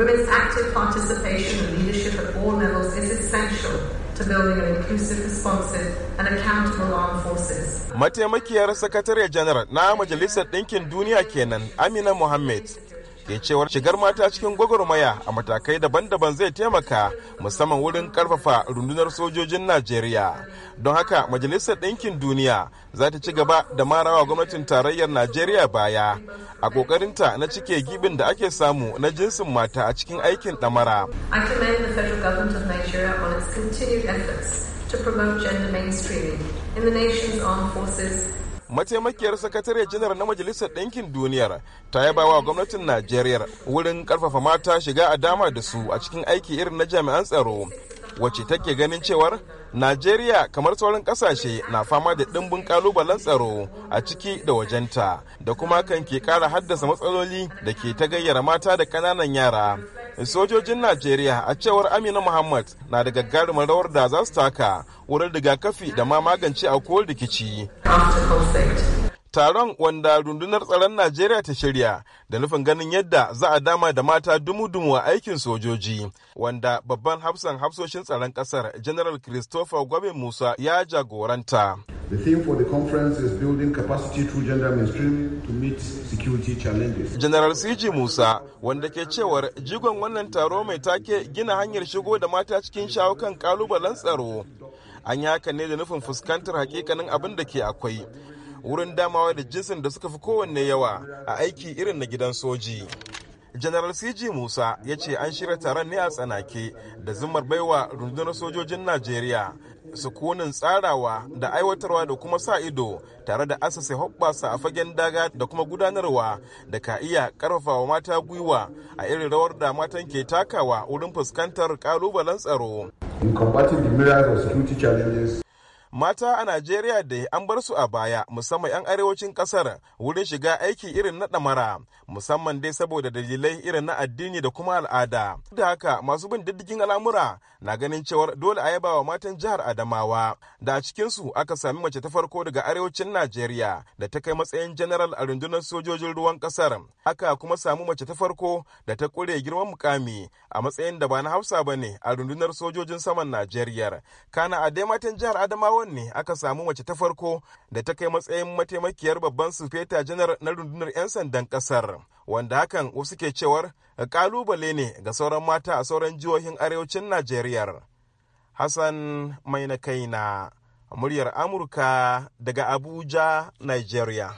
Women's active participation and leadership at all levels is essential to building an inclusive, responsive and accountable armed forces. Mataimakiyar Sakatare Janar na Majalisar Ɗinkin Duniya kenan Amina Mohammed ke cewar shigar mata cikin gwagwarmaya a matakai daban-daban zai taimaka musamman wurin karfafa rundunar sojojin najeriya don haka majalisar ɗinkin duniya za ta ci gaba da marawa gwamnatin tarayyar najeriya baya a ƙoƙarinta na cike gibin da ake samu na jinsin mata a cikin aikin ɗamara to promote gender mainstreaming in the nation's armed forces mataimakiyar sakatare janar na majalisar ɗinkin duniyar ta yaba wa gwamnatin najeriya wurin karfafa mata shiga a dama da su a cikin aiki irin na jami'an tsaro wacce take ganin cewar najeriya kamar sauran kasashe na fama da ɗimbin kalubalen tsaro a ciki da wajenta da kuma kan ke ƙara haddasa matsaloli da ke ta gayyara mata da ƙananan yara sojojin najeriya a cewar amina muhammad na da gagarumin rawar da za su taka wurin rigakafi da ma magance a alkohol rikici taron wanda rundunar tsaron najeriya ta shirya da nufin ganin yadda za a dama da mata dumu-dumu a aikin sojoji wanda babban hafsan hafsoshin tsaron kasar general christopher gwabe musa ya jagoranta The theme for the conference is building capacity through gender mainstream to meet security challenges. General CG Musa wanda ke cewar jigon wannan taro mai take gina hanyar shigo da mata cikin shawukan kan kalubalen tsaro. An yi haka ne da nufin fuskantar hakikanin abin da ke akwai. Wurin damawa da jinsin da suka fi kowanne yawa a aiki irin na gidan soji. General CG Musa ya ce an shirya taron ne a tsanake da zumar baiwa rundunar sojojin Najeriya sukunin tsarawa da aiwatarwa da kuma sa ido tare da asase hoɓɓasa a fagen daga da kuma gudanarwa da ka iya wa mata gwiwa a irin rawar da matan ke takawa wurin fuskantar kalubalen tsaro. In combating the myriad of security challenges mata a najeriya da an bar su a baya musamman 'yan arewacin kasar wurin shiga aiki irin na ɗamara musamman dai saboda dalilai irin na addini da kuma al'ada da haka masu bin diddigin al'amura na ganin cewar dole a yaba wa matan jihar adamawa da a cikinsu aka sami mace ta farko daga arewacin najeriya da ta kai matsayin janaral a rundunar sojojin ruwan kasar aka kuma samu mace ta farko da ta kure girman mukami a matsayin da ba na hausa ba ne a rundunar sojojin saman najeriya kana a dai matan jihar adamawa Jigawan ne aka samu mace ta farko da ta kai matsayin mataimakiyar babban sufeta janar na rundunar 'yan sandan kasar wanda hakan wasu ke cewar kalubale ne ga sauran mata a sauran jihohin arewacin Najeriya. Hassan Mai na na muryar Amurka daga Abuja, Nigeria.